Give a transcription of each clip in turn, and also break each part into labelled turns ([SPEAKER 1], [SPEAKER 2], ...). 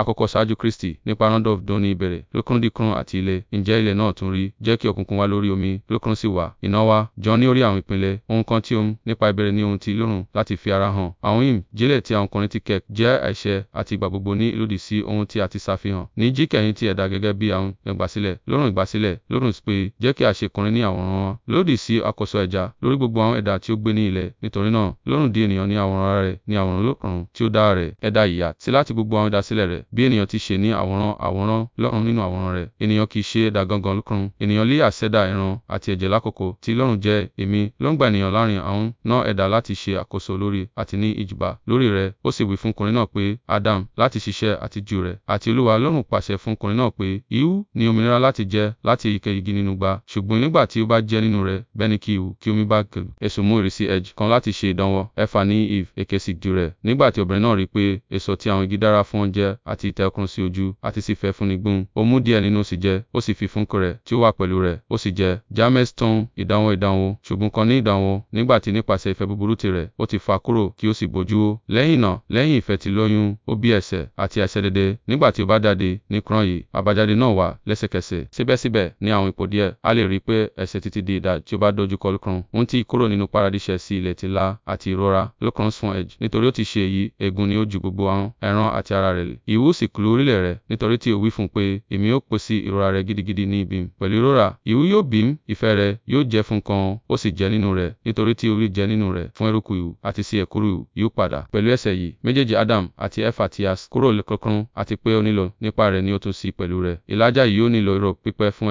[SPEAKER 1] Àkọ́kọ́ ṣáájú Kristi, nípa Ranulph Dun ní ìbẹ̀rẹ̀, lókùn díkùn àti ilẹ̀, ǹjẹ́ ilẹ̀ náà tún rí, jẹ́ kí òkùnkùn wá lórí omi, lókùn sì wà, iná wá, John ní orí àwọn ìpìlẹ̀, ohun kan tí òun, nípa ìbẹ̀rẹ̀ ní ohun ti Ọlọ́run, láti fi ara hàn. Àwọn hymn, jílẹ̀ tí àwọn ọkùnrin ti kẹ̀, jẹ́ àìṣẹ àti ìgbà gbogbo ní ìlòdì sí ohun tí a ti ṣàfihàn. Ní jíkẹ̀yìn ti ẹ̀dá gẹ́gẹ́ bí àwọn ìgbàsílẹ̀, lọ́rùn ìgbàsílẹ̀, lọ́rùn pé, jẹ́ kí a ṣe ọkùnrin ní àwòrán wọn, lòdì sí àkóso ẹja, lórí gbogbo àwọn ẹ̀dá tí ó gbé ní ilẹ̀. Nítorí náà, Ọlọ́run dá ènìyàn ní àwòrán ara ní àwòrán Ọlọ́run tí ó dá rẹ̀, ẹ̀dá ìyà, sí láti gbogbo àwọn ìdásílẹ̀ rẹ̀ bí ènìyàn ti ṣe ní àwòrán àwòrán lọ́run nínú àwòrán rẹ̀. Ènìyàn kì í ṣe ẹ̀dá gangan lọ́kùnrin. Ènìyàn lé àṣẹ̀dá ẹran àti ẹ̀jẹ̀ lákòókò tí lọ́run jẹ́ èmi ló ń gba ènìyàn láàrin àwọn náà ẹ̀dá láti ṣe àkóso lórí àti ní ìjìbá lórí rẹ̀. Ó sì wí fún náà pé, Adam, láti ṣiṣẹ́ àti jù rẹ̀. Àti Olúwa Ọlọ́run pàṣẹ fún ọkùnrin náà pé, Ihu ni òmìnira láti jẹ láti èyíkéyìí nínú igbá. Ṣùgbọ́n nígbà tí ó bá jẹ nínú rẹ̀, bẹ́ẹ̀ ni kí ihu kí omi bá kẹ̀lú. Èso mú ìrísí ẹ̀jẹ̀ kan láti ṣe ìdánwò. Ẹ̀fà ni Eve, èké sì jù rẹ̀. Nígbà tí obìnrin náà rí pé èso tí àwọn igi dára fún oúnjẹ àti ìtẹ́ ọkùnrin sí ojú, àti sì fẹ́ fún ni gbún. Ó mú díẹ̀ nínú sì jẹ, ó sì fi fún ọkọ rẹ̀ tí ó wà pẹ̀lú rẹ̀, ó sì jẹ. James tún ìdánwò ìdánwò, ṣùgbọ́n kan ní ìdánwò, nígbà tí nípasẹ̀ ìfẹ́ búburú tirẹ̀, ó ti fà kúrò kí ó sì bojú ó. Lẹ́yìn náà, lẹ́yìn ìfẹ́ ti lóyún, ó bí ẹ̀ṣẹ̀ àti àìṣẹ̀ dédé. Nígbà tí ó bá jáde, ní kúrán yìí, àbájáde náà wà lẹ́sẹ̀kẹsẹ̀. Síbẹ̀síbẹ̀, ní àwọn ipò díẹ̀, a lè rí i pé ẹ̀ṣẹ̀ títí di ìdá tí ó bá dojú kọ lókun, ń tí kúrò nínú paradíṣẹ́ sí ilẹ̀ ti là àti ìrora lókun sun ẹ̀j. Nítorí ó ti ṣe èyí, ègún ni ó ju gbogbo ahọ́n, ẹran àti ara rẹ̀. Ìwú Olúwo sì klú orílẹ̀ rẹ̀, nítorí tí ó wí fún un pé, Èmi ó pèsè ìrora rẹ gidigidi ní ibi, pẹ̀lú ìrora, ìwọ yóò bí m, ìfẹ́ rẹ yóò jẹ́ fún kan, ó sì jẹ nínú rẹ̀, nítorí tí orí jẹ nínú rẹ̀, fún eruku ìhù, àti sí ẹ̀kúrú ìhù padà. Pẹ̀lú ẹsẹ̀ yìí, méjèèjì Adam àti Efa ti a kúrò lẹ́kọ̀ọ̀kan, àti pé ó nílò nípa rẹ̀ ni ó tún sí pẹ̀lú rẹ̀. Ìlàjà yìí ó nílò ìró pípẹ́ fún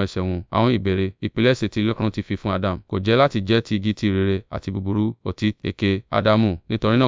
[SPEAKER 1] Adam, kò jẹ́ láti jẹ́ ti igi ti rere àti búburú, ọtí, èké,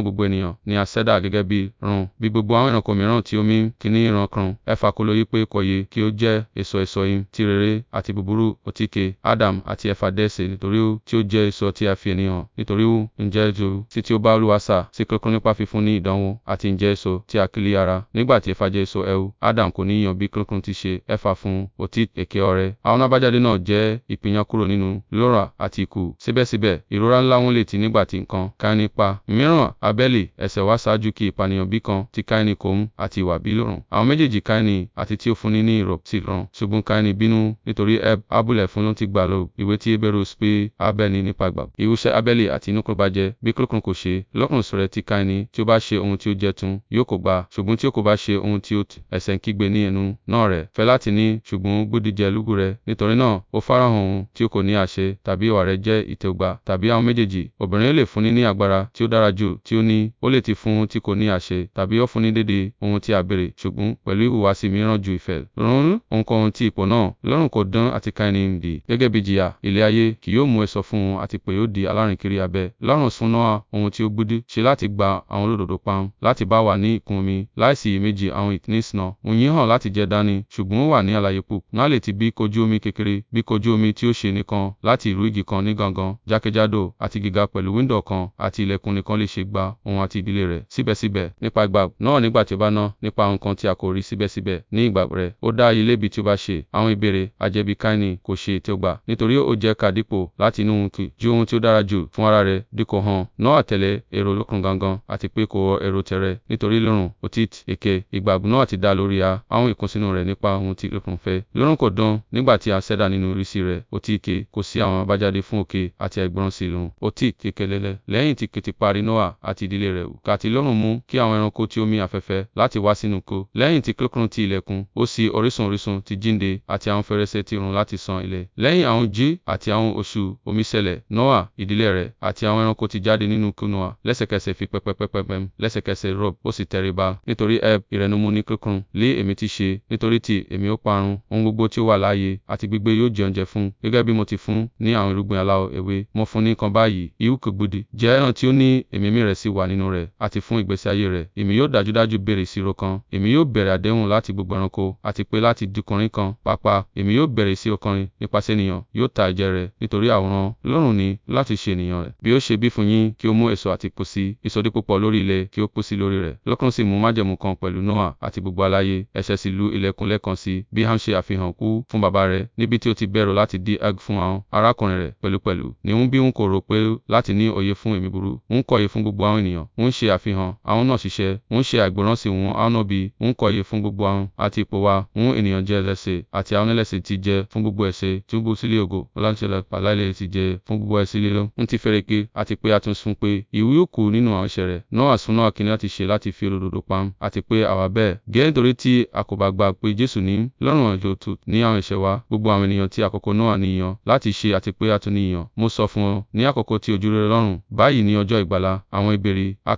[SPEAKER 1] gbogbo ni a ṣẹ̀dá gẹ́gẹ́ bí run, bí àwọn ẹranko mìíràn tí ó Kíní ìrankàn. Ẹ̀fà kò lóye pé kò yẹ kí ó jẹ èso èso ìhín ti rere àti búburú, òtíke, Adam àti ẹ̀fà dẹ́ṣẹ̀ nítorí tí ó jẹ́ èso tí a fi ènìyàn, nítorí hù, ǹjẹ́ ju, sí tí ó bá Olúwa sá, sí kíkún nípa fífún ní ìdánwò, àti ǹjẹ́ èso tí a kì ara. Nígbà tí ẹ̀fà jẹ èso ẹ̀hù, Adam kò ní yan bí kíkún ti ṣe ẹ̀fà fún òtí èké ọrẹ. Àwọn àbájáde náà jẹ́ ìpínyà kúrò nínú ìrora àti ikú. Síbẹ̀síbẹ̀, ìrora ńlá wọn lè ti nígbà tí nǹkan Kaini pa. Mìíràn, Abeli, ẹ̀ṣẹ̀ wá ṣáájú kí ìpànìyàn bí kan tí Kaini kò hù àti ìwà bí lò ọlọ́run. Àwọn méjèèjì Káínì àti tí ó fúnni ní ìrọ̀ sì rán. Ṣùgbọ́n Káínì bínú nítorí Eb Abúlẹ̀ fún ló ti gbà lọ. Ìwé tí Eberus pé Abẹ́ni nípa gbà. Ìwúṣẹ́ Abẹ́lì àti inú kúrò bá jẹ́ bí kúròkùn kò ṣe. Lọ́kùnrin sọ̀rọ̀ ti Káínì tí ó bá ṣe ohun tí ó jẹ́ tun yóò kò gbà. Ṣùgbọ́n tí ó kò bá ṣe ohun tí ó tù ẹ̀ṣẹ̀ ń kígbe ní ẹnu náà rẹ̀. Fẹ́ láti ní ṣùgbọ́n gbódìjẹ lúgù rẹ̀. Nítorí náà ó farahàn ohun tí ó kò ní àṣẹ tàbí ìwà rẹ̀ jẹ́ ìtẹ́wọ́gbà tàbí àwọn méjèèjì. Obìnrin lè fúnni ní agbára tí ó dára jù tí ó ní. Ó lè ti fún ohun tí kò ní àṣẹ tàbí ó fúnni déédéé ohun tí a béèrè rẹ̀, ṣùgbọ́n pẹ̀lú ìhùwàsí mìíràn ju ìfẹ́. Rún ohunkóhun tí ipò náà lọ́rùn kò dán àti ká ẹni bì. Gẹ́gẹ́ bí jìyà, ilé ayé kì yóò mú ẹ sọ fún un àti pé yóò di alárìnkiri abẹ. Lọ́rùn súnná ohun tí ó gbúdú ṣe láti gba àwọn olódodo pam, láti bá wà ní ìkún omi, láìsí iyèméjì àwọn ìtìní ìsìná. Òyìn hàn láti jẹ dání, ṣùgbọ́n ó wà ní àlàyé púpọ̀. Nálè ti bí kojú omi kékeré, bí kojú omi tí ó ṣe nìkan, láti ìrú igi kan ní gangan, jákèjádò, àti gíga pẹ̀lú wíńdò kan, àti ilẹ̀kùn nìkan lè ṣe gba òun àti ìdílé rẹ̀. Síbẹ̀síbẹ̀, nípa ìgbàgbọ́ náà nígbà tí ó bá ná, nípa òun nǹkan tí a kò rí síbẹ̀síbẹ̀ ní ìgbà rẹ̀. Ó dá ayé lébi tí ó bá ṣe. Àwọn ìbéèrè ajẹ́bí Káínì kò ṣe tí ó gbà. Nítorí ó jẹ́ ká dípò láti inú ohun kì ju ohun tí ó dára jù fún ara rẹ̀ dípò hàn. Nóà tẹ̀lé èrò olókùn gangan àti pé kò wọ èrò tẹ̀rẹ̀ nítorí lórun òtít èké ìgbàgbọ́ náà ti dá lórí a àwọn ìkùnsínú rẹ̀ nípa ohun tí lókùn fẹ́. Lórun kò dán nígbà tí a ṣẹ̀dá nínú ìrísí rẹ̀ òtí èké kò sí àwọn àbájáde fún òkè àti ẹ̀gbọ́n sí lòun. Òtí kékelele lẹ́yìn tí kìtì parí Nóà àti ìdílé rẹ̀ wù. Kàtí lórun mú kí àwọn ẹranko tí omi afẹ́fẹ́ láti wá sínú oko. Lẹ́yìn tí kílókùn ti ilẹ̀kùn, ó sì orísun orísun ti jíǹde àti àwọn fèrèsé ti run láti ṣàn ilẹ̀. Lẹ́yìn àwọn jí àti àwọn oṣù omi ṣẹlẹ̀, Noa, ìdílé rẹ̀, àti àwọn ẹranko ti jáde nínú ikú Noa. Lẹ́sẹ̀kẹsẹ̀ fi pẹpẹpẹpẹpẹm, lẹ́sẹ̀kẹsẹ̀ rọ̀b, ó sì tẹríba. Nítorí Eb, ìrẹnumú ní kíkùn, lé èmi ti ṣe, nítorí tí èmi ó parun, ohun gbogbo tí ó wà láàyè àti gbígbé yóò jẹ oúnjẹ fún, gẹ́gẹ́ bí mo ti fún ní àwọn irúgbìn aláwọ̀ ewé. Mo fún ní nǹkan báyìí, ihu kògbòdì, jẹ́ ẹran tí ó ní èémí rẹ̀ sì wà nínú rẹ̀, àti fún ìgbésí ayé rẹ̀. Èmi yóò dájúdájú béèrè ìṣirò kan èmi yóò bẹ̀rẹ̀ àdéhùn láti gbogbo ẹranko àti pé láti dúkùnrin kan pàápàá èmi yóò bẹ̀rẹ̀ sí ọkùnrin nípasẹ̀ ènìyàn yóò ta ẹ̀jẹ̀ rẹ̀ nítorí àwòrán lọ́rùn ni láti ṣe ènìyàn rẹ̀ bí ó ṣe bí fún yín kí ó mú èso àti kó sí ìsọdí púpọ̀ lórí ilẹ̀ kí ó kó sí lórí rẹ̀ lọ́kàn sì mú májẹ̀mú kan pẹ̀lú Nóà àti gbogbo aláyé ẹ̀ṣẹ̀ sì lu ilẹ̀kùn lẹ́ẹ̀kan sí bí à ń ṣe àfihàn kú fún bàbá rẹ̀ níbi tí ó ti bẹ̀rù láti di ag fún àwọn arákùnrin rẹ̀ pẹ̀lúpẹ̀lú ni ń bí ń kò rò pé láti ní òye fún ẹ̀mí burú ń kọ̀yé fún gbogbo àwọn ènìyàn ń ṣe àfihàn àwọn náà ṣiṣẹ́ ń ṣe àìgbọràn sí wọn àwọn náà bí ń kọ ìyè fún gbogbo ahun àti ipò wa, ń ènìyàn jẹ́ ẹlẹ́ṣẹ̀ àti àwọn ẹlẹ́ṣẹ̀ ti jẹ́ fún gbogbo ẹ̀ṣẹ̀, túbú sílé ògo, ọláńṣẹ́lẹ̀ pàláìlẹ̀ ti jẹ́ fún gbogbo ẹ̀ṣẹ̀ lílọ. Ń ti fẹ́rẹ̀gẹ́ àti pé a tún sun pé ìwú yóò kú nínú àwọn ẹ̀ṣẹ̀ rẹ̀. Nóà sún Nóà kìíní láti ṣe láti fi olódodo pam àti pé àwa bẹ́ẹ̀ gẹ́gẹ́ nítorí tí a kò bá gbà pé Jésù ní lọ́rùn àjò tù ní àwọn ẹ̀ṣẹ̀ wa, gbogbo àwọn ènìyàn ti àkókò Nóà ni ìyàn láti ṣe àti pé a tún ní ìyàn. Mo sọ fún ọ, ní àkókò ti ojúrere Ọlọ́run, báyìí ní ọjọ́ ìgbàlà, àwọn ìbéèrè, a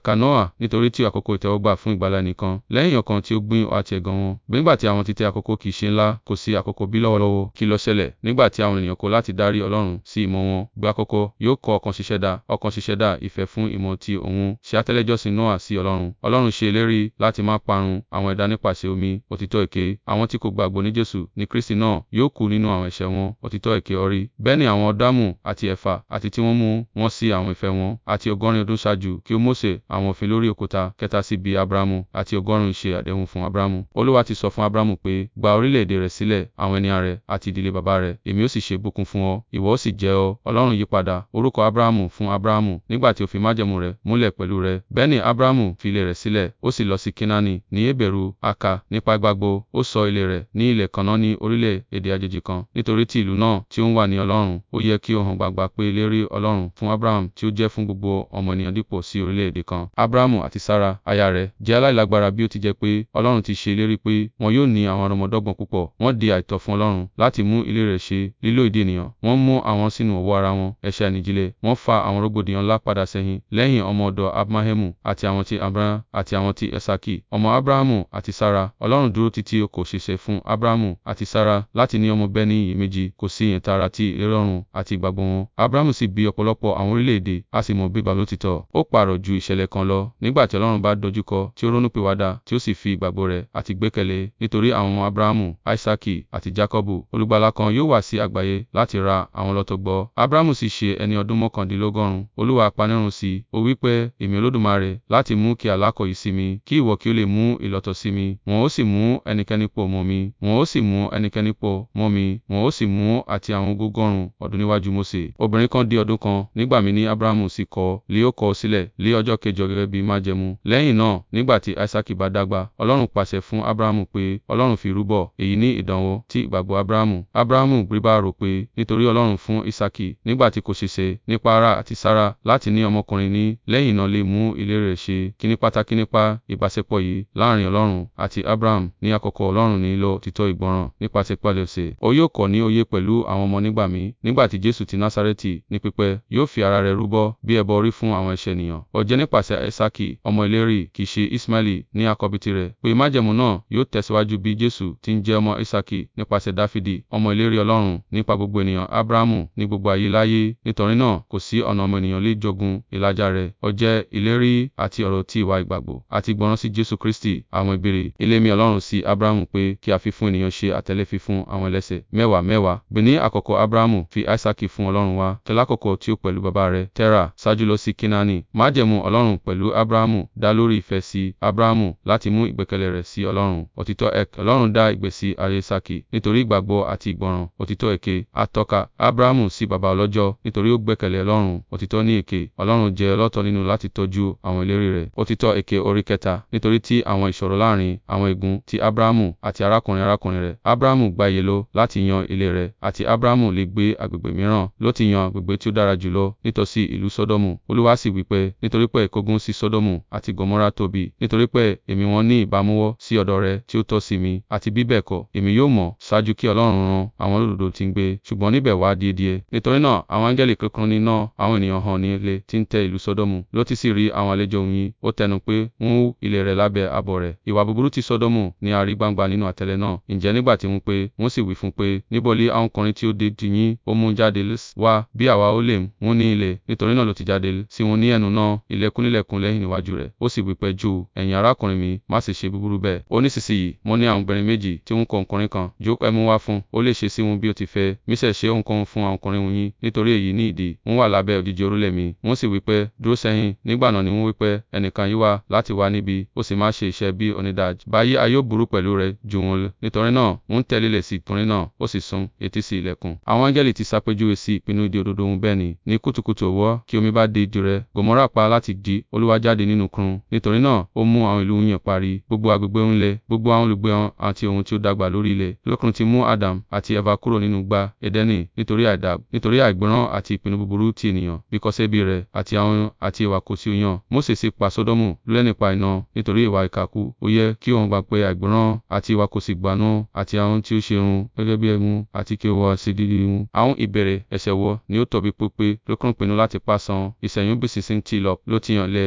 [SPEAKER 1] nítorí tí àkókò ìtẹ́wọ́gbà fún ìgbàlà ẹnìkan. Lẹ́yìn ọ̀kan àwọn tí ó gbìn ọ àti ẹ̀gàn wọn. Bí nígbà tí àwọn títẹ àkókò kì í ṣe ńlá, kò sí àkókò bí lọ́wọ́lọ́wọ́, kí ló ṣẹlẹ̀? Nígbà tí àwọn ènìyàn kọ̀ láti dárí Ọlọ́run sí ìmọ̀ wọn, gba àkókò, yóò kọ ọkàn ṣiṣẹ́ dá, ọkàn ṣiṣẹ́ dá ìfẹ́ fún ìmọ̀ ti òun, ṣe àtẹ́lẹjọ́sìn Nóà sí Ọlọ́run. Ọlọ́run ṣe ìlérí láti máa parun àwọn ẹ̀dá nípasẹ̀ omi, òtítọ́ èké, àwọn tí kò gbàgbọ́ ní Jésù ní Kristi náà yóò kú nínú àwọn ẹ̀ṣẹ̀ wọn, òtítọ́ èké ọrí. Bẹ́ẹ̀ ni àwọn Ọ̀dámù àti Ẹ̀fà àti tí wọ́n mú wọn sí àwọn ìfẹ́ wọn, àti ọgọ́rin ọdún ṣáájú kí ó Mósè àwọn òfin lórí òkúta kẹta sí bí Abrahamu àti ọgọ́rùn-ún ṣe àdéhùn fún Abrahamu. Olúwa ti sọ fún Abrahamu pé, gba orílẹ̀-èdè rẹ sílẹ̀, àwọn ènìyàn rẹ̀ àti ìdílé bàbá rẹ̀, èmi ó sì ṣe ìbùkún fún ọ, ìwọ ó sì jẹ́ ọ. Ọlọ́run yípadà orúkọ Abrahamu fún Abrahamu nígbà tí ó fi májẹ̀mú rẹ̀ múlẹ̀ pẹ̀lú rẹ̀. Bẹ́ẹ̀ Abrahamu fi ilé rẹ̀ sílẹ̀, ó sì lọ sí Kénáánì ní Hébérù, Aka, nípa ìgbàgbọ́, ó sọ ilé rẹ̀ ní ilẹ̀ kan náà ní orílẹ̀-èdè àjèjì kan, nítorí tí ìlú náà tí ó ń wà ní Ọlọ́run, ó yẹ kí ó hàn gbangba pé ìlérí Ọlọ́run fún Abraham tí ó jẹ́ fún gbogbo ọmọ ènìyàn dípò sí orílẹ̀-èdè kan. Abrahamu àti Sara, aya rẹ̀, jẹ́ aláìlágbára bí ó ti jẹ́ pé Ọlọ́run ti ṣe ìlérí pé wọn yóò ní àwọn àrọ̀mọdọ́gbọ̀n púpọ̀. Wọ́n di àìtọ́ fún Ọlọ́run láti mú ilé rẹ̀ ṣe lílò èdè ènìyàn. Wọ́n mú àwọn sínú ọ̀wọ́ ara wọn, ẹ̀ṣẹ̀ ìnìjìnlẹ̀. Wọ́n fa àwọn rògbòdìyàn ńlá padà sẹ́yìn lẹ́yìn ọmọ ọ̀dọ̀ Abrahamu àti àwọn ti Abraham àti àwọn ti Isaki, ọmọ Abrahamu àti Sara. Ọlọ́run dúró títí ó kò ṣèṣe fún Abrahamu àti Sara láti ní ọmọ bẹ́ẹ̀ ní iyèméjì. Kò sí ìyẹ̀ntara ti ìrẹ́lọ́rùn àti ìgbàgbọ́ wọn. Abrahamu sì bí ọ̀pọ̀lọpọ̀ àwọn orílẹ̀-èdè, a sì mọ̀ bí ìbálòtítọ́. Ó pààrọ̀ ju ìṣẹ̀lẹ̀ kan lọ. Nígbà tí Ọlọ́run bá dojúkọ, tí ó ronúpìwàdà, tí ó sì fi ìgbàgbọ́ rẹ̀ àti ìgbẹ́kẹ̀lé nítorí àwọn ọmọ Abrahamu, Isaaki àti Jakọbu. Olùgbàlà kan yóò wá sí àgbáyé láti ra àwọn lọ́tọ̀gbọ́. Abrahamu sì ṣe ẹni ọdún mọ́kàndínlọ́gọ́rùn. Olúwa apanirun sí i. Ó wí pé, Èmi Olódùmarè, láti mú kí àlá kọ yìí sí mi, kí ìwọ kí ó lè mú ìlọ́tọ̀ sí mi. Wọn ó sì mú ẹnikẹ́ni pọ̀ mọ́ mi. Wọn ó sì mú ẹnikẹ́ni pọ̀ mọ́ mi. Wọn ó sì mú àti àwọn ọgọ́gọ́rùn ọdún níwájú Mose. Obìnrin kan di ọdún kan. Nígbà mi ní Abrahamu sì kọ̀, lé ó kọ̀ sílẹ̀, lé ọjọ́ kẹjọ gẹ́gẹ́ bí májẹ̀mú. Lẹ́yìn náà, nígbà tí Isaaki bá dàgbà, Ọlọ́run pàṣẹ fún Abrahamu pé Ọlọ́run fi rúbọ. Èyí ni ìdánwò ti ìgbàgbọ́ Abrahamu. Abrahamu bìrìbà rò pé nítorí Ọlọ́run fún Isaaki nígbà tí kò ṣèṣe nípa Ara àti Sara láti ní ọmọkùnrin ní lẹ́yìn iná lè mú ìlérí rẹ̀ ṣẹ. Kíni pàtàkì nípa ìbáṣepọ̀ yìí láàárín Ọlọ́run àti Abraham ní àkọ́kọ́ Ọlọ́run nílò òtítọ́ ìgbọràn nípasẹ̀ pẹ̀lẹ́pẹ̀lẹ́. Ó yóò kọ́ ní òye pẹ̀lú àwọn ọmọ nígbà míì. Nígbà tí Jesu ti Nasareti ní pípẹ́, yóò fi ara rẹ̀ rúbọ bí ẹbọ orí fún àwọn ẹ̀ṣẹ̀ ènìyàn. Ó nípasẹ̀ Isaaki, ọmọ ìlérí, kì í ṣe Ismaili ní àkọ́bí tirẹ̀ rẹ̀ pé májẹ̀mú náà yóò tẹ̀síwájú bí Jesu ti ń jẹ́ ọmọ Isaaki nípasẹ̀ Dafidi, ọmọ ìlérí Ọlọ́run, nípa gbogbo ènìyàn Abrahamu ní gbogbo ayé láyé. Nítorí náà, kò sí ọ̀nà ọmọnìyàn lè jogún ìlàjà rẹ̀. Ó jẹ́ ìlérí àti ọ̀rọ̀ ti ìwà ìgbàgbọ́ àti ìgbọràn sí Jesu Kristi. Àwọn ìbéèrè Elémi Ọlọ́run sí Abrahamu pé kí a fi fún ènìyàn ṣe àtẹ̀lé fífún àwọn ẹlẹ́ṣẹ̀ mẹ́wàá mẹ́wàá. Bí àkọ́kọ́ Abrahamu fi Isaaki fún Ọlọ́run wá, tẹ́lákọ̀kọ́ tí ó pẹ̀lú bàbá rẹ̀, Tera, ṣáájú lọ sí Kínání. Májẹ̀mú Ọlọ́run pẹ̀lú Abrahamu dá lórí ìfẹ́ sí Abrahamu láti mú ìgbà ìgbẹ́kẹ̀lé rẹ̀ sí Ọlọ́run. Òtítọ́ ek, Ọlọ́run dá ìgbésí ayé Isaki nítorí ìgbàgbọ́ àti ìgbọràn. Òtítọ́ èké, a tọ́ka Abrahamu sí baba ọlọ́jọ́ nítorí ó gbẹ́kẹ̀lé Ọlọ́run. Òtítọ́ ní èké, Ọlọ́run jẹ́ ọlọ́tọ̀ nínú láti tọ́jú àwọn ìlérí rẹ̀. Òtítọ́ èké orí kẹta, nítorí tí àwọn ìṣòro láàrin àwọn ègún ti Abrahamu àti arákùnrin arákùnrin rẹ̀. Abrahamu gba iye ló láti yan ilé rẹ̀, àti Abrahamu lè gbé agbègbè mìíràn, ló ti yan agbègbè tí ó dára jùlọ nítòsí ìlú Sódómù. Olúwa sì wí nítorí pé ìkógun sí Sódómù àti Gòmórà tóbi, nítorí pé èmi wọn ní ìbámuwọ́ sí ọ̀dọ̀ rẹ tí ó tọ́ sí mi, àti bí bẹ́ẹ̀ kọ́, èmi yóò mọ̀ ṣáájú kí Ọlọ́run ran àwọn olódodo tí ń gbé, ṣùgbọ́n níbẹ̀ wá díẹ̀díẹ̀. Nítorí náà, àwọn áńgẹ́lì kíkún iná, àwọn ènìyàn hàn ní ilé tí ń tẹ ìlú Sọdọ́mù. Lótì sì rí àwọn àlejò yín, ó tẹnu pé wọ́n wú ilé rẹ̀ lábẹ́ ààbọ̀ rẹ̀. Ìwà búburú ti Sọdọ́mù ni a rí gbangba nínú àtẹ̀lé náà. Ǹjẹ́ nígbà tí wọ́n pè, wọ́n sì wí fún pé, níbo lé àwọn ọkùnrin tí ó dé tì yín, ó mú jáde wá, bí àwa ó lè mú ní ilé, nítorí náà ló ti jáde sí wọn ní ẹnu náà, ilẹ̀kùn nílẹ̀kùn lẹ́yìn iwájú rẹ̀. Ó sì wí pé jù, ẹ̀yin arákùnrin mi, má ṣe ṣe búburú bẹ́ẹ̀. Ó ní sísìyí, mo ní àwọn obìnrin méjì tí ń kọ ọkùnrin kan, jókòó ẹ mú wá fún, ó lè ṣe sí wọn bí ó ti fẹ́, mísẹ̀ ṣe ohunkóhun fún àwọn ọkùnrin wọ̀nyí, nítorí èyí ní ìdí, wọ́n wà lábẹ́ òjìji orúlẹ̀ mi, wọ́n sì wí pé, dúró sẹ́yìn, nígbà náà ni wọ́n wí pé, ẹnìkan yí wá láti wá níbi, ó sì máa ṣe iṣẹ́ bí onídàájọ́. Báyìí a yóò burú pẹ̀lú rẹ̀ jù wọ́n nítorí náà, wọ́n tẹ̀lé lẹ̀ sí ọkùnrin náà, ó sì sún etí sí ilẹ̀kùn. Àwọn áńgẹ́lì ti ṣàpèjúwe sí ìpinnu ìdí òdodo òun bẹ́ẹ̀ ni, ní kùtùkùtù òwúrọ̀, kí omi bá dé ìdí rẹ̀, Gòmórà pa láti di Olúwa jáde nínú kurun, nítorí náà, ó mú àwọn ìlú yẹn parí gbogbo agbègbè ń lẹ, gbogbo àwọn olùgbé hàn àti ohun tí ó dàgbà lórí ilẹ̀. Lọ́kùnrin ti mú Adam àti Eva kúrò nínú igbá Edeni nítorí àìdá, nítorí àìgbọ́ràn àti ìpinnu búburú ti ènìyàn, bíkọ́ṣẹ́ ẹbí rẹ̀ àti ahọ́n àti ìwà kò tí ó yàn. Mose sì pa Sodomu rẹ́ nípa iná nítorí ìwà ìkà kú. Ó yẹ kí òun gbà pé àìgbọ́ràn àti ìwà kò sì gbanú àti ahọ́n tí ó ṣe òun gẹ́gẹ́ bí ẹ̀mú àti kí ó wọ dídí hun. Àwọn ìbẹ̀rẹ̀ ẹ̀ṣẹ̀ wọ ni ó tọ̀bi pípé lọ́kùnrin pinnu láti pàṣán. Ìṣẹ́yún bí sísìn ti lọ ló ti yàn lé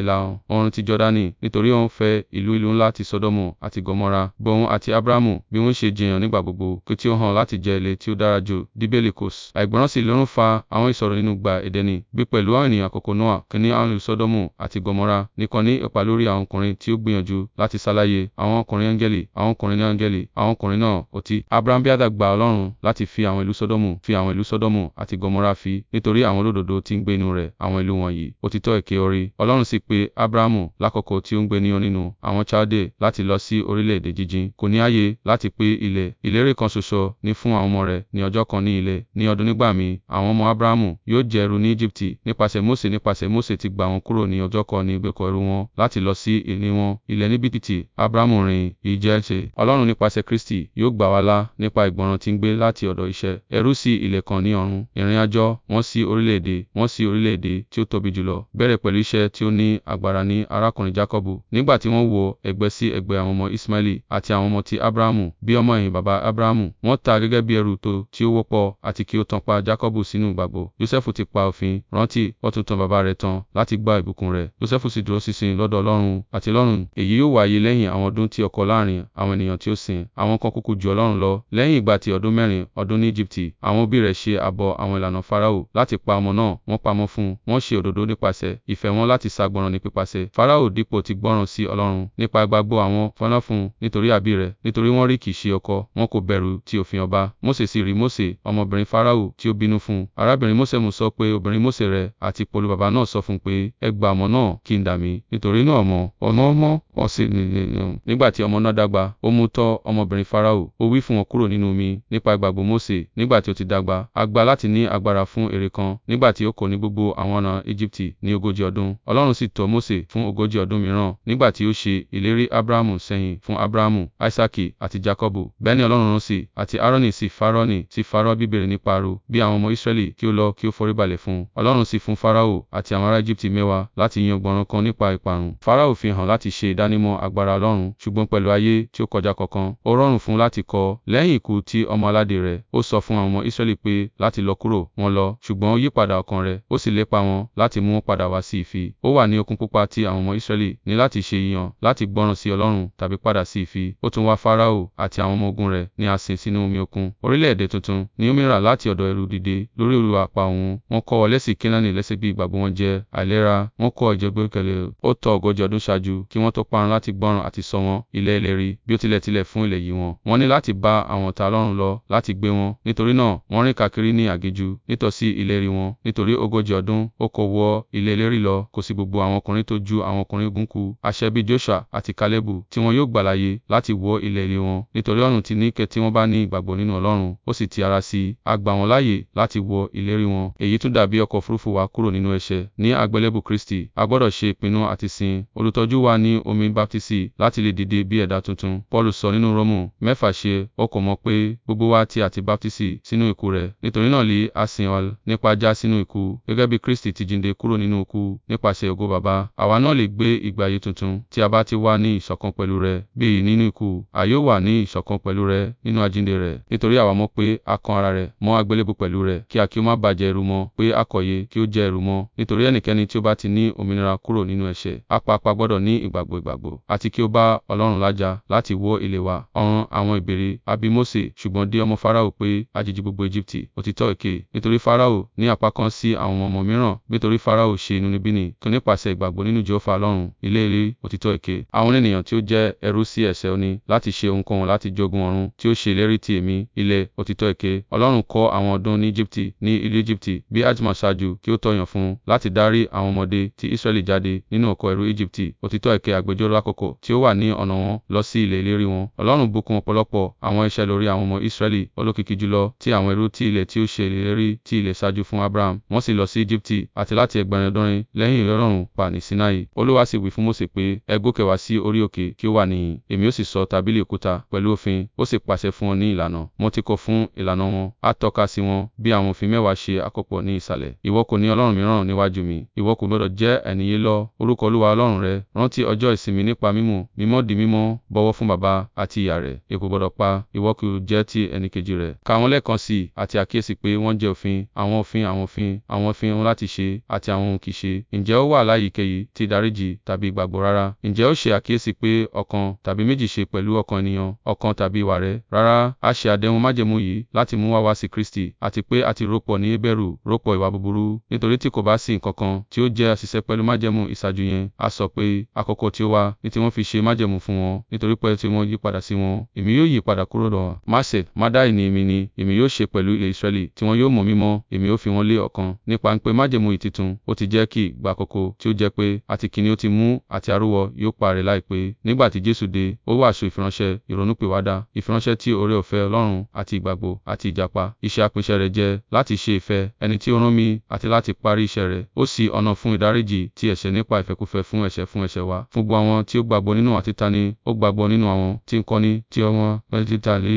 [SPEAKER 1] Ọrùn ti Jọ́dánì nítorí ó fẹ́ ìlú ìlú ńlá ti àti Sodomu àti Gomora, gbóhùn àti Abrahamu, bí wọ́n ṣe jiyàn nígbà gbogbo, kí tí ó hàn láti jẹ́ ilé tí ó dára jù, Bíbélì kò sí. Àìgbọràn sì ló ń fa àwọn ìṣòro nínú ìgbà Édẹ́nì, bí pẹ̀lú àwọn ènìyàn àkókò Nóà, kí àwọn ìlú àti Gomora, nìkan ní ipa lórí àwọn ọkùnrin tí ó gbìyànjú láti ṣàlàyé, àwọn ọkùnrin áńgẹ́lì, àwọn ọkùnrin ní áńgẹ́lì, àwọn ọkùnrin náà, ọtí. Abrahamu bíàdà gba Ọlọ́run láti fi àwọn ìlú Sodomu, fi àwọn ìlú Sodomu àti Gomora fi, nítorí àwọn olódodo tí ń gbé inú rẹ̀, àwọn ìlú wọ̀nyí, òtítọ́ èké orí. Ọlọ́run sì pe Abrahamu lákòókò tí ó ń gbé ní nínú àwọn Chalde, láti lọ sí orílẹ̀-èdè jíjìn. Kò ní ààyè láti pé ilẹ̀. Ìlérí kan ṣoṣo ni fún àwọn ọmọ rẹ̀ ní ọjọ́ kan ní ilẹ̀. Ní ọdún nígbà mi, àwọn ọmọ Abrahamu yóò jẹ ẹrú ní Ejibiti. Nípasẹ̀ Mose nípasẹ̀ Mose ti gbà wọn kúrò ní ọjọ́ kan ní ìgbèkọ̀ ẹrú wọn láti lọ sí ìní wọn. Ilẹ̀ ní Bíkítì, Abrahamu rin ìjẹ́ ṣe. Ọlọ́run nípasẹ̀ Kristi yóò gbà wá là nípa ìgbọràn tí ń gbé láti ọ̀dọ̀ iṣẹ́. Ẹrú sí ilẹ̀ kan ní ọ̀run. Ìrìn àjò wọn sí orílẹ̀-èdè, wọn sí orílẹ̀-èdè tí ó tóbi jùlọ. Bẹ̀rẹ̀ pẹ̀lú iṣẹ́ tí ó ní agbára ní arákùnrin Jákọ́bù. Nígbà tí wọ́n wọ ẹgbẹ́ sí sí ẹgbẹ́ àwọn ọmọ Ismaili àti àwọn ọmọ ti Abrahamu, bí ọmọ ẹ̀yìn baba Abrahamu. Wọ́n tà gẹ́gẹ́ bí ẹrú tó tí ó wọ́pọ̀ àti kí ó tàn pa Jakọbu sínú ìgbàgbọ́. Josẹfu ti pa òfin, rántí, ó tún tan baba rẹ̀ tán láti gba ìbùkún rẹ̀. Josẹfu sì dúró ṣinṣin lọ́dọ̀ Ọlọ́run àti Ọlọ́run. Èyí yóò wáyé lẹ́yìn àwọn ọdún tí ọkọ̀ láàrin àwọn ènìyàn tí ó sìn. Àwọn kan kúkú ju Ọlọ́run lọ. Lẹ́yìn ìgbà tí ọdún mẹ́rin ọdún ní Íjíbítì, àwọn òbí rẹ̀ ṣe àbọ̀ àwọn ìlànà Farao láti pa ọmọ náà, wọ́n pamọ́ fún un, wọ́n ṣe òdodo nípasẹ̀ ìfẹ́ wọn láti ṣàgbọràn ní pípasẹ̀. Farao dípò ti gbọ́ràn sí Ọlọ́run nípa gbàgbọ́ bo àwọn fọ́nrán fún un nítorí àbí rẹ̀, nítorí wọ́n rí kì ṣe ọkọ, wọn kò bẹ̀rù ti òfin ọba. Mose sì rí Mose, ọmọbìnrin Farao, tí ó bínú fún un. Arábìnrin Mose mú sọ pé obìnrin Mose rẹ̀ àti Polu bàbá náà sọ fún un pé, ẹ gba ọmọ náà kí n dà mí, nítorí náà ọmọ, ọmọ ọmọ, wọn sì nìyẹn. Um, nígbà tí ọmọ náà dàgbà, ó mú tọ́ ọmọbìnrin Farao, ó wí fún wọn kúrò nínú omi nípa ìgbàgbọ́ Mose. Nígbà tí ó ti dàgbà, a gbà láti ní agbára fún èrè kan, nígbà tí ó kò ní gbogbo àwọn ọ̀nà Mose fún ogójì ọdún mìíràn, nígbà tí ó Abrahamu sẹ́yìn fún Abrahamu, Isaaki àti Jakọbu. Bẹ́ẹ̀ ni Ọlọ́run rán sí, àti Aaroni sí Fáráónì sí Fáráó bíbèrè nípa Aru, bí àwọn ọmọ Israẹli kí ó lọ kí ó foríbalẹ̀ fún. Ọlọ́run sì fún Fáráò àti àwọn ará Ejibiti mẹ́wàá láti yan gbọ̀ràn kan nípa ìparun. Fáráò fi hàn láti ṣe ìdánimọ̀ agbára Ọlọ́run, ṣùgbọ́n pẹ̀lú ayé tí ó kọjá kankan, ó rọrùn fún un láti kọ. Lẹ́yìn ikú ti ọmọ aládé rẹ̀, ó sọ fún àwọn ọmọ Israẹli pé láti lọ kúrò, wọ́n lọ, ṣùgbọ́n ó yípadà ọkàn rẹ̀, ó sì lépa wọn láti mú wọn padà wá sí ìfì. Ó wà ní okun pupa ti àwọn ọmọ Israẹli ní láti ṣe ìyàn, láti gbọ́ràn sí Ọlọ́run tàbí padà sí ìfi. Ó tún wá Farao àti àwọn ọmọ ogun rẹ̀ ni a sin sínú omi òkun. Orílẹ̀-èdè tuntun ni Naomi rà láti ọ̀dọ̀ ẹrú dìde lórí Olúwa pa òun. Wọ́n kọ́ ọ lẹ́sìn Kenaani lẹ́sìn bí ìgbàgbọ́ wọn jẹ́ àìlera. Wọ́n kọ́ ẹ̀jẹ̀ gbẹ́kẹ̀lé. Ó tó ọgọ́jọ ọdún ṣáájú kí wọ́n tó parun láti gbọ́ràn àti sọ wọ́n ilẹ̀ ìlérí bí ó tilẹ̀ tilẹ̀ fún ilẹ̀ yìí wọn. Wọ́n ní láti bá àwọn ọ̀tá Ọlọ́run lọ láti gbé wọn. Nítorí náà, wọ́n rìn káàkiri ní aginjù nítòsí ìlérí wọn. Nítorí ogójì ọdún, ó kò wọ ilẹ̀ ìlérí lọ, kò sì gbogbo àwọn ọkùnrin tó ju àwọn ọkùnrin ogun kù. Àṣẹ bí Joṣua àti Kalẹbu Kalebu tí wọn yóò gbà láàyè láti wọ ilẹ̀ ìlérí wọn, nítorí Ọlọ́run ti ní kẹ̀ tí wọ́n bá ní ìgbàgbọ́ nínú Ọlọ́run, ó sì ti ara sí i, a gbà wọ́n láàyè láti wọ ìlérí wọn. Èyí tún dàbí ọkọ̀ òfurufú wa kúrò nínú ẹ̀ṣẹ̀. Ní àgbélébùú Kristi, a gbọdọ̀ ṣe ìpinnu àti sìn olùtọ́jú wa ní omi baptisi láti lè dìde bí ẹ̀dá tuntun. Paulu sọ nínú Rómù mẹ́fà ṣe o kò mọ̀ pé gbogbo wa tí a ti baptisi sínú ikú rẹ̀, nítorí náà lé a sìn ọ́ nípa já sínú ikú, gẹ́gẹ́ bí Kristi ti jíǹde kúrò nínú ikú nípasẹ̀ ògo Baba, àwa náà lè gbé ìgbé ayé tuntun tí a bá ti wà ní ìṣọ̀kan pẹ̀lú rẹ̀, bí èyí nínú ikú, a yóò wà ní ìṣọ̀kan pẹ̀lú rẹ̀ nínú àjíǹde rẹ̀. Nítorí àwa mọ̀ pé a kan ara rẹ̀ mọ́ àgbélébùú pẹ̀lú rẹ̀, kí a kí ó má bà jẹ́ ẹrú mọ́, pé a kòye kí ó jẹ́ ẹrú mọ́. Nítorí ẹnikẹ́ni tí ó bá ti ní òmìnira kúrò nínú ẹ̀ṣẹ̀, a pàápàá gbọdọ̀ ní ìgbàgbọ́ ìgbàgbọ́, àti kí ó bá Ọlọ́run lájà láti wọ ilé wa. Ọ̀ràn àwọn ìbéèrè a bí Mose ṣùgbọ́n dé ọmọ Farao pé àjèjì gbogbo Ejibiti. Òtítọ́ èké Nítorí Farao ní apá kan sí àwọn ọmọ mìíràn, nítorí Farao ṣe inúnibíni, kí nípasẹ̀ ìgbàgbọ́ nínú Jehova Ọlọ́run, ilé ilé, òtítọ́ èké. Àwọn ènìyàn ènìyàn tí ó jẹ́ ẹrú sí ẹ̀ṣẹ̀ òní láti ṣe ohunkóhun láti jogún ọ̀run tí ó ṣe ìlérí ti èmi ilẹ̀ òtítọ́ èké. Ọlọ́run kọ àwọn ọdún ní Ejibiti ní ìlú Ejibiti bí Ajma ṣáájú kí ó tó fún un láti darí àwọn ọmọdé ti Israẹli jáde nínú oko ẹrú Ejibiti. Òtítọ́ èké àgbèjọ́rò àkókò tí ó wà ní ọ̀nà wọn lọ sí ilẹ̀ ìlérí wọn. Ọlọ́run bùkún ọ̀pọ̀lọpọ̀ àwọn iṣẹ́ lórí àwọn ọmọ Israẹli olókìkí jùlọ ti àwọn ẹrú ti ilẹ̀ tí ó ṣe ìlérí ti ilẹ̀ ṣáájú fún Abraham. Wọ́n sì lọ sí Ejibiti àti láti ẹgbẹ̀rin ọdún lẹ́yìn ìrọ̀rùn pa ní Sinai. Olúwa sì wí fún Mósè pé, ẹ gòkè wá sí orí orí òkè kí ó wà níhìn èmi ó sì sọ tábìlì òkúta pẹ̀lú òfin ó sì pàṣẹ fún wọn ní ìlànà mo ti kọ fún ìlànà wọn á tọ́ka sí wọn bí àwọn òfin mẹ́wàá ṣe àkópọ̀ ní ìsàlẹ̀ ìwọ kò ní ọlọ́run mìíràn níwájú mi ìwọ kò gbọdọ̀ jẹ́ ẹniyé lọ orúkọ olúwa ọlọ́run rẹ rántí ọjọ́ ìsinmi nípa mímọ́ mímọ́ di mímọ́ bọ̀wọ̀ fún baba àti ìyá rẹ èkó gbọdọ̀ pa ìwọ kò jẹ́ ti ẹnìkejì rẹ kà wọ́n lẹ́ẹ̀kan sí àti àkíyèsí pé wọ́n jẹ́ òfin àwọn òfin àwọn òfin àwọn òfin ohun láti ṣe àti àwọn ohun kì í ṣe ǹjẹ́ ó wà láyìíkéyìí ti ìdáríjì tàbí ìgbàgbọ́ rárá ǹjẹ́ ó ṣe àkíyèsí sì pé ọ̀kan tàbí méjì ṣe pẹ̀lú ọkàn ènìyàn, ọkàn tàbí ìwà rẹ̀. Rárá, a ṣe àdéhùn májẹ̀mú yìí láti mú wa wá sí Kristi, àti pé a ti ròpọ̀ ní Heberu, ròpọ̀ ìwà búburú. Nítorí tí kò bá sí nǹkan kan tí ó jẹ́ àṣìṣe pẹ̀lú májẹ̀mú ìṣáájú yẹn, a sọ pé, àkókò tí ó wà, ní tí wọ́n fi ṣe májẹ̀mú fún wọn, nítorí pé tí wọ́n yípadà sí wọn, èmi yóò yípadà kúrò lọ. Máṣe, má dá ìní mi ni, èmi yóò ṣe pẹ̀lú ilé Israẹli, tí wọn yóò mọ̀ mí èmi ó fi wọn lé ọkàn. Nípa ń pe májẹ̀mú yìí titun, ó ti jẹ́ kí ìgbà àkókò tí ó jẹ́ pé àti kìíní ó ti mú àti arúwọ yóò parẹ́ láìpẹ́ pé nígbà tí Jesu dé, ó wàásù ìfiránṣẹ́, ìrònúpìwàdà, ìfiránṣẹ́ tí oore-ọ̀fẹ́ Ọlọ́run àti ìgbàgbọ́ àti ìjàpá. Iṣẹ́ apèsè rẹ̀ jẹ́ láti ṣe ìfẹ́ ẹni tí ó rán mi àti láti parí iṣẹ́ rẹ̀. Ó ṣí ọ̀nà fún ìdáríjì ti ẹ̀ṣẹ̀ nípa ìfẹ́kúfẹ̀ẹ́ fún ẹ̀ṣẹ̀ fún ẹ̀ṣẹ̀ wa. Fún gbogbo àwọn tí ó gbàgbọ́ nínú àti tani, ó gbàgbọ́ nínú àwọn tí ń kọ́ni, tí wọ́n mẹ́tẹ̀ẹ̀ta lé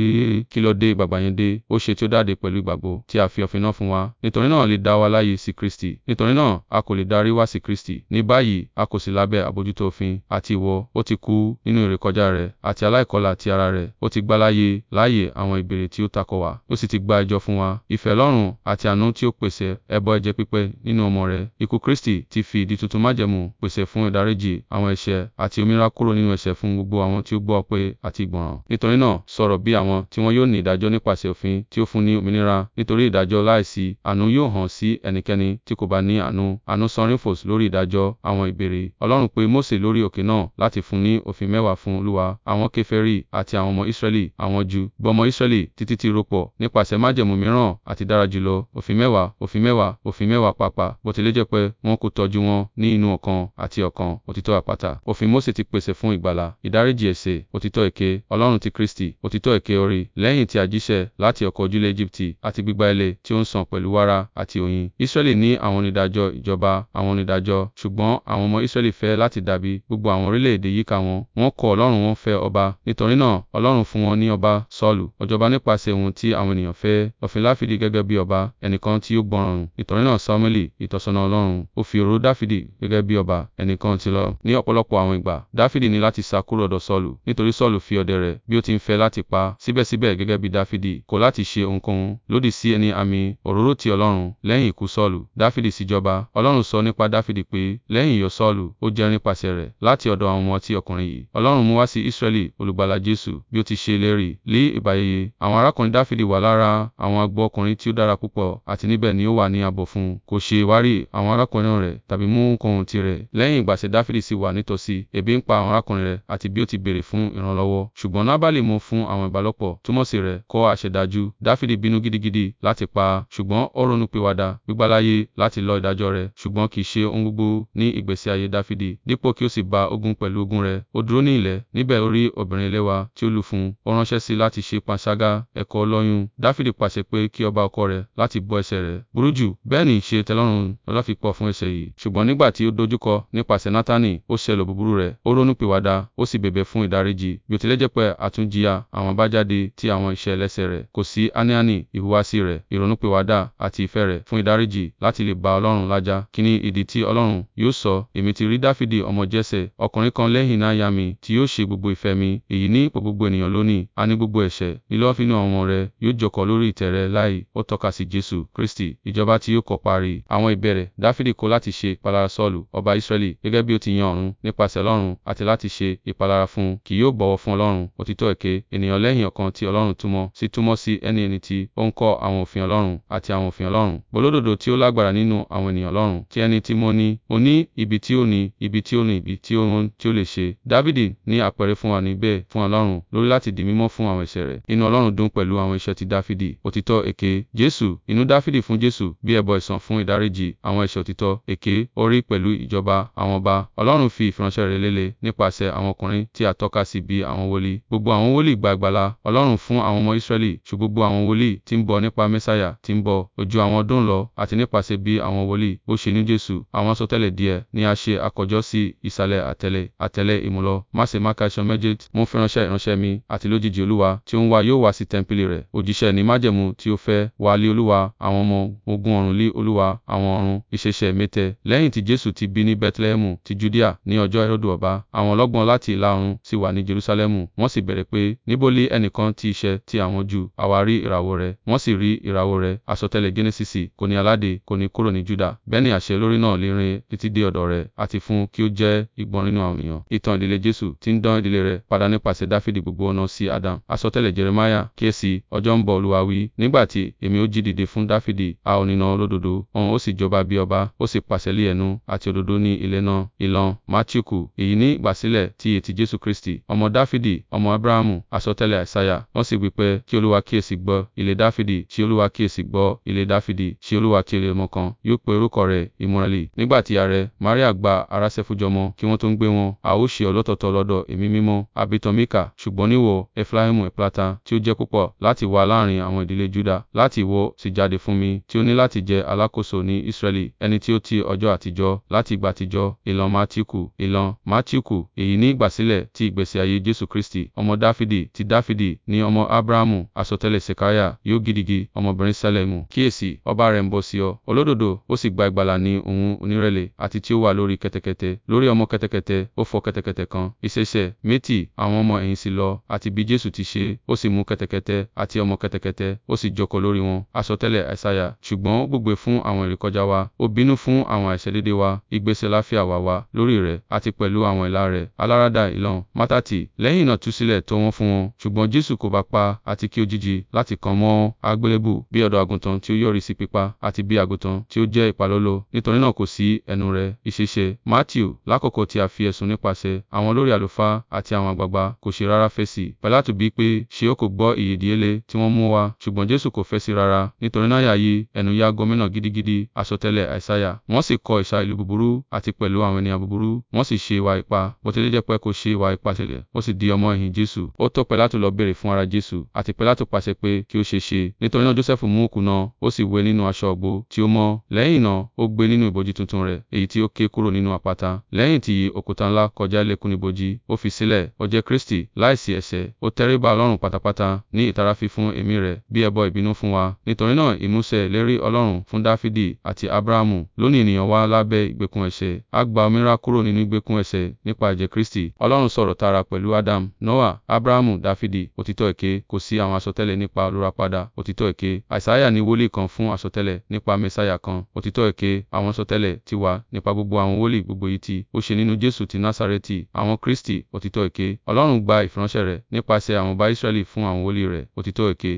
[SPEAKER 1] kí ló dé ìgbàgbọ́ yẹn dé. Ó ṣe tí ó jáde pẹ̀lú ìgbàgbọ́ tí a fi òfin náà fún wa. Nítorí náà lè dá wa láyè sí Kristi. Nítorí náà a kò lè darí wá sí Kristi. Ní báyìí a kò sí lábẹ́ àbójútó òfin, àti ìwọ, ó ti ti kú nínú ìrékọjá rẹ̀ àti aláìkọlà ti ara rẹ̀, ó ti gbà láàyè láàyè àwọn ìbéèrè tí ó tako wa, ó sì ti gba ẹjọ́ fún wa. Ìfẹ́ Ọlọ́run àti àánú tí ó pèsè ẹbọ ẹ̀jẹ̀ pípé nínú Ọmọ rẹ̀, ikú Kristi ti fi ìdí tuntun májẹ̀mú pèsè fún ìdáríjì àwọn ẹ̀ṣẹ̀ àti òmìnira kúrò nínú ẹ̀ṣẹ̀ fún gbogbo àwọn tí ó gbọ́ pé àti ìgbọràn. Nítorí náà, sọ̀rọ̀ bí àwọn tí wọn yóò ní ìdájọ́ nípasẹ̀ òfin tí ó fún ní òmìnira, nítorí ìdájọ́ láìsí àánú yóò hàn sí ẹnikẹ́ni tí kò bá ní àánú. Àánú Sorinfos lórí ìdájọ́ àwọn ìbéèrè Ọlọ́run pé Mose lórí òkè náà láti fún ní òfin mẹ́wàá fún Olúwa, àwọn Kèfèrí àti àwọn ọmọ Israẹli, àwọn Júù, bọ ọmọ Israẹli títí tí rọ́pọ̀, nípasẹ̀ májẹ̀mú mìíràn àti dára jùlọ, òfin mẹ́wàá, òfin mẹ́wàá, òfin mẹ́wàá pàápàá, bó tilẹ̀ jẹ́ pé wọn kò tọ́jú wọn ní inú ọkàn àti ọkàn, òtítọ́ àpáta. Òfin Mose ti pèsè fún ìgbàlà, ìdáríjì ẹ̀ṣẹ̀, òtítọ́ èké, Ọlọ́run ti Kristi, òtítọ́ èké orí, lẹ́yìn tí a jíṣẹ́ láti ọkọ̀ ojúlé Ejibiti àti gbígba ilẹ̀ tí ó ń sàn pẹ̀lú wàrà àti oyin. Israẹli ní àwọn onídàájọ́ ìjọba, àwọn onídàájọ́, ṣùgbọ́n àwọn ọmọ Israẹli fẹ́ láti dàbí gbogbo àwọn orílẹ̀-èdè yíká ìkà wọn, wọ́n kọ̀ Ọlọ́run wọ́n fẹ́ ọba. Nítorí náà, Ọlọ́run fún wọn ní ọba Saulu, ọ̀jọ̀ba nípasẹ̀ ohun tí àwọn ènìyàn fẹ́. Ọ̀fìn Dafidi gẹ́gẹ́ bí ọba, ẹnìkan tí ó gbọ́ràn. Nítorí náà Samuẹli, ìtọ́sọ́nà Ọlọ́run, ó fi òróró Dafidi gẹ́gẹ́ bí ọba, ẹnìkan ti lọ. Ní ọ̀pọ̀lọpọ̀ àwọn ìgbà, Dafidi ní láti sá kúrò ọ̀dọ̀ Saulu, nítorí Saulu fi ọ̀dẹ̀ rẹ̀ bí ó ti ń fẹ́ láti pa. Síbẹ̀síbẹ̀ gẹ́gẹ́ bí Dafidi, kọ̀ láti ṣe ohunkóhun lòdì sí ẹni àmì òróró ti Ọlọ́run. Lẹ́yìn ikú Saulu, Dafidi sì jọba. Ọlọ́run sọ nípa Dafidi pé, lẹ́yìn iyọ̀ Saulu, ó jẹ́ nípasẹ̀ rẹ̀ láti ọ̀dọ̀ àwọn ọmọ tí sí ọkùnrin yìí. Ọlọ́run mú wá sí Ísírẹ́lì, olùgbàlà Jésù, bí ó ti ṣe ìlérí. Lé ìgbà yẹyẹ, àwọn arákùnrin Dáfídì wà lára àwọn agbo ọkùnrin tí ó dára púpọ̀, àti níbẹ̀ ni ó wà ní ààbò fún. Kò ṣe ìwárì àwọn arákùnrin rẹ̀ tàbí mú ohunkóhun tirẹ̀. Lẹ́yìn ìgbà tí Dáfídì sì wà nítòsí, ebi ń pa àwọn arákùnrin rẹ̀ àti bí ó ti béèrè fún ìrànlọ́wọ́. Ṣùgbọ́n Nábálì mú fún àwọn ìbálòpọ̀, túmọ̀ sí rẹ̀ kọ́ àṣẹdájú. Dáfídì bínú gidigidi láti pa, ṣùgbọ́n ó ronúpìwàdà, gbígbà láyè láti lọ ìdájọ́ rẹ̀, ṣùgbọ́n kì í ṣe ohun gbogbo ní ìgbésí ayé Dáfídì, dípò kí ó sì ba ogun pẹ̀lú ogun rẹ̀, ó dúró ní ilẹ̀, níbẹ̀ ó rí obìnrin ẹlẹ́wà tí ó lù fún ó ránṣẹ́ sí láti ṣe panṣágà, ẹ̀kọ́ olóyún. Dafidi pàṣẹ pé kí ọba ọkọ rẹ̀ láti bọ́ ẹsẹ̀ rẹ̀ burú jù, bẹ́ẹ̀ ni ìṣe ìtẹ́lọ́rùn lọ́lá fi pọ̀ fún ẹsẹ̀ yìí. Ṣùgbọ́n nígbà tí ó dojúkọ nípasẹ̀ Natani, ó ṣe èlò búburú rẹ̀, ó ronúpìwàdà, ó sì bẹ̀bẹ̀ fún ìdáríjì. Bí ó tilẹ̀ jẹ́ pé a tún jìyà àwọn àbájáde ti àwọn iṣẹ́ ẹlẹ́ṣẹ̀ rẹ̀, kò sí àní ìhùwàsí rẹ̀, ìrònúpìwàdà àti ìfẹ́ rẹ̀ fún ìdáríjì láti lè bá Ọlọ́run lájà. Kí ni ìdí tí Ọlọ́run yóò sọ, èmi ti rí Dafidi ọmọ Jese, ọkùnrin kan lẹ́yìn náà yá mi, tí yóò ṣe gbogbo ìfẹ́ mi, èyí ní ipò gbogbo ènìyàn lónìí, a ní gbogbo ẹ̀ṣẹ̀, nílọ́ fínú ọmọ rẹ̀, yóò jókòó lórí ìtẹ́ rẹ̀ láì, ó tọ́ka sí Jésù, Kristi, ìjọba tí yóò kọ́ parí. Àwọn ìbẹ̀rẹ̀, Dáfídì kọ̀ láti ṣe ìpalára Sọ́ọ̀lù, ọba Israẹli, gẹ́gẹ́ bí ó ti yan ọ̀run, nípasẹ̀ Ọlọ́run, àti láti ṣe ìpalára fún un, kì yóò bọ̀wọ̀ fún Ọlọ́run, òtítọ́ èké, ènìyàn lẹ́yìn ọ̀kan tí Ọlọ́run túmọ̀, sí túmọ̀ sí ẹni ẹni tí ó ń kọ́ àwọn òfin Ọlọ́run, àti àwọn òfin Ọlọ́run, olódodo tí ó lágbára nínú àwọn ènìyàn Ọlọ́run, tí ẹni tí mo ní, mo ní, ibi tí ó ní, ibi tí ó ní, ibi tí ó ń, tí ó lè ṣe ṣe. Dafidi ní àpẹẹrẹ fún wa níbẹ̀ fún Ọlọ́run lórí láti di mímọ́ fún àwọn ẹ̀ṣẹ̀ rẹ̀. Inú Ọlọ́run dùn pẹ̀lú àwọn iṣẹ́ ti Dafidi. Òtítọ́ èké Jésù. Inú Dafidi fún Jésù bí ẹbọ ìsan fún ìdáríjì àwọn ẹ̀ṣẹ̀ òtítọ́ èké orí pẹ̀lú ìjọba àwọn ọba. Ọlọ́run fi ìfiránṣẹ́ rẹ̀ lélẹ̀ nípasẹ̀ àwọn ọkùnrin tí a tọ́ka sí bí àwọn wòlíì. Gbogbo àwọn wòlíì gba ìgbàlà Ọlọ́run fún àwọn ọmọ Israẹli, ṣùgbọ́n gbogbo àwọn wòlíì tí ń bọ̀ nípa Mẹ́sáyà tí ń bọ̀ ó àwọn ọdún lọ àti nípasẹ̀ bí àwọn wòlíì ó ṣe ní Jésù. Àwọn àsọtẹ́lẹ̀ díẹ̀ ni a ṣe àkójọ sí ìsàlẹ̀ àtẹ̀lé àtẹ̀lé ìmọ́lẹ̀ ìmọ́lọ, má ṣe má ka iṣan méjèèjì, ìránṣẹ́ mi, àti lójijì Olúwa, tí ó ń wá yóò wá sí tẹ́ḿpìlì rẹ̀, òjíṣẹ́ ní májẹ̀mú tí ó fẹ́, wá lé Olúwa, àwọn ọmọ ogun ọ̀run lé Olúwa, àwọn ọ̀run, ìṣẹ̀ṣẹ̀ mẹ́tẹ, lẹ́yìn tí Jesu ti bí ní Bẹtilẹhẹmu ti Judea, ní ọjọ́ Herodu ọba, àwọn ọlọ́gbọ́n láti ìlà-oòrùn sì wà ní Jerusalẹmu, wọ́n sì bèèrè pé, níbo lé ẹnìkan ti iṣẹ́ ti àwọn Júù, àwa rí ìràwọ̀ rẹ̀, wọ́n sì rí ìràwọ̀ rẹ̀, àsọtẹ́lẹ̀ Génésìsì, kò ní aládé, kò ní kúrò ní Juda, bẹ́ẹ̀ ni àṣẹ lórí náà lè rìn títí dé ọ̀dọ̀ rẹ̀, àti fún kí ó jẹ́ ìgbọ́n nínú àwọn ènìyàn ìtàn ìdílé Jésù ti ń dán ìdílé rẹ̀ padà nípasẹ̀ Dáfídì gbogbo ọ̀nà sí Adam. Àsọtẹ́lẹ̀ Jeremiah kíyèsí ọjọ́ ń bọ̀ Olúwa wí, nígbà tí èmi ó jí dìde fún Dáfídì, a ò nínà olódodo, òun ó sì jọba bí ọba, ó sì pàṣẹ lé ẹnu àti òdodo ní ilẹ̀ náà. Ìlàn Mátíùkù, èyí ní ìgbàsílẹ̀ ti ètí Jésù Kristi, ọmọ Dáfídì, ọmọ Ábúráhámù, àsọtẹ́lẹ̀ Àìsáyà, wọ́n sì wí pé kí Olúwa kíyèsí gbọ́ ilé Dáfídì, tí Olúwa kíyèsí gbọ́ ilé Dáfídì, tí Olúwa kíyèsí ọmọ kan, yóò pe orúkọ rẹ̀ Ìmúralì. Nígbà tí ìyá rẹ̀, Maria gba ara Sẹ́fújọmọ kí wọ́n tó ń gbé wọn, a ó ṣe ọlọ́tọ̀ọ̀tọ̀ lọ́dọ̀ èmi mímọ́, Abitamika, ṣùgbọ́n níwọ, Efraimu ẹ̀plata tí ó jẹ́ púpọ̀ láti wà láàrín àwọn ìdílé Juda, láti ìwọ sì jáde fún mi, tí ó ní láti jẹ́ alákòóso ní Israẹli, ẹni tí ó ti ọjọ́ àtijọ́, láti ìgbà àtijọ́, ìlan Matiku, ìlan Matiku, èyí ní ìgbàsílẹ̀ ti ìgbésí ayé Jésù Kristi, ọmọ Dáfídì, ti Dáfídì, ní ọmọ Abrahamu, àsọtẹ́lẹ̀ Sekaya, yóò gidigidi, ọmọbìnrin Sálẹ̀mù, kíyèsí, ọba rẹ̀ ń bọ̀ sí ọ, olódodo, ó sì gba ìgbàlà ní ohun onírẹ̀lẹ̀, àti tí ó wà lórí kẹ́tẹ́kẹ́tẹ́, lórí ọmọ kẹ́tẹ́kẹ́tẹ́, ó fọ́ kẹ́tẹ́kẹ́tẹ́ kẹ̀tẹ̀kẹ̀tẹ̀ kan, ìṣẹ̀ṣẹ̀ méjì, àwọn ọmọ ẹ̀yìn sì lọ, àti bí Jésù ti ṣe, ó sì mú kẹ̀tẹ̀kẹ̀tẹ̀ àti ọmọ kẹ̀tẹ̀kẹ̀tẹ̀, ó sì jókòó lórí wọn. Àsọtẹ́lẹ̀ Àìsáyà. Ṣùgbọ́n ó gbògbé fún àwọn ìrékọjá wa, ó bínú fún àwọn àìṣedéédé wa, ìgbésẹ̀ láfíà wà wá lórí rẹ̀, àti pẹ̀lú àwọn ìlà rẹ̀. Aláràádá ìlàn. Mátátì. Lẹ́yìn náà tú sílẹ̀ tó wọ́n fún wọn. Ṣùgbọ́n Jésù kò bá pa àti kí ó jìjì láti kan mọ́ àgbélébù bí ọ̀dọ́ àgùntàn tí ó yọrí sí pípa àti bí àgùntàn tí ó jẹ́ ìpalọ́lọ́. Nítorí náà kò sí ẹnu rẹ̀. Ìṣeṣe. Mátíù. Lákòókò tí a fi ẹ̀sùn nípasẹ̀ rẹ̀, àwọn olórí àlùfáà àti àwọn àgbàgbà kò ṣe rárá fèsì. Pilatu bí pé, ṣé o kò gbọ́ iye ìdíyelé tí wọ́n mú wá? Ṣùgbọ́n Jesu kò fèsì rárá. Nítorí náà àyà yí ẹnu yá gómìnà gidigidi, àsọtẹ́lẹ̀ Isaiah. Wọ́n sì kọ ìsà ìlú búburú àti pẹ̀lú àwọn ènìyàn búburú, wọ́n sì ṣe ìwà ipá, bó tilẹ̀ jẹ́ pé kò ṣe ìwà ipá tẹ́lẹ̀, ó sì di ọmọ ẹ̀yìn Jesu. Ó tọ́ Pilatu lọ béèrè fún ara Jesu, àti Pilatu pàṣẹ pé kí ó ṣe ṣe. Nítorí náà Josẹfu mú òkú ó sì wé nínú aṣọ ògbó tí ó mọ́. Lẹ́yìn náà, ó gbé nínú ibojì tuntun rẹ̀, èyí tí ó ké kúrò nínú àpáta. Lẹ́yìn tí òkúta ńlá kọjá ìbàjẹ́ lékún níbojì, ó fi sílẹ̀, ó jẹ́ Kristi, láìsí ẹ̀ṣẹ̀, ó tẹríba Ọlọ́run pátápátá, ní ìtara fífún ẹ̀mí rẹ̀ bí ẹbọ ìbínú fún wa. Nítorí náà ìmúṣẹ ìlérí Ọlọ́run fún Dafidi àti Abrahamu, lónìí ènìyàn wà lábẹ́ ìgbèkùn ẹ̀ṣẹ̀, a gba òmìnira kúrò nínú ìgbèkùn ẹ̀ṣẹ̀ nípa ẹ̀jẹ̀ Kristi. Ọlọ́run sọ̀rọ̀ tààrà pẹ̀lú Adam, Noah, Abrahamu, Dafidi, òtítọ́ èké, kò sí àwọn àsọtẹ́lẹ̀ nípa olùràpadà, òtítọ́ èké, Àìsáyà ni wòlíì kan fún àsọtẹ́lẹ̀ nípa Mẹ́sáyà kan, òtítọ́ èké, àwọn àsọtẹ́lẹ̀ ti wà nípa gbogbo àwọn wòlíì gbogbo yìí tí ó ṣe nínú Jésù ti Násárẹ́tì ti àwọn Kristi, òtítọ́ èké. Ọlọ́run gba ìfiránṣẹ́ rẹ̀ nípasẹ̀ àwọn ọba Israẹli fún àwọn wòlíì rẹ̀, òtítọ́ èké.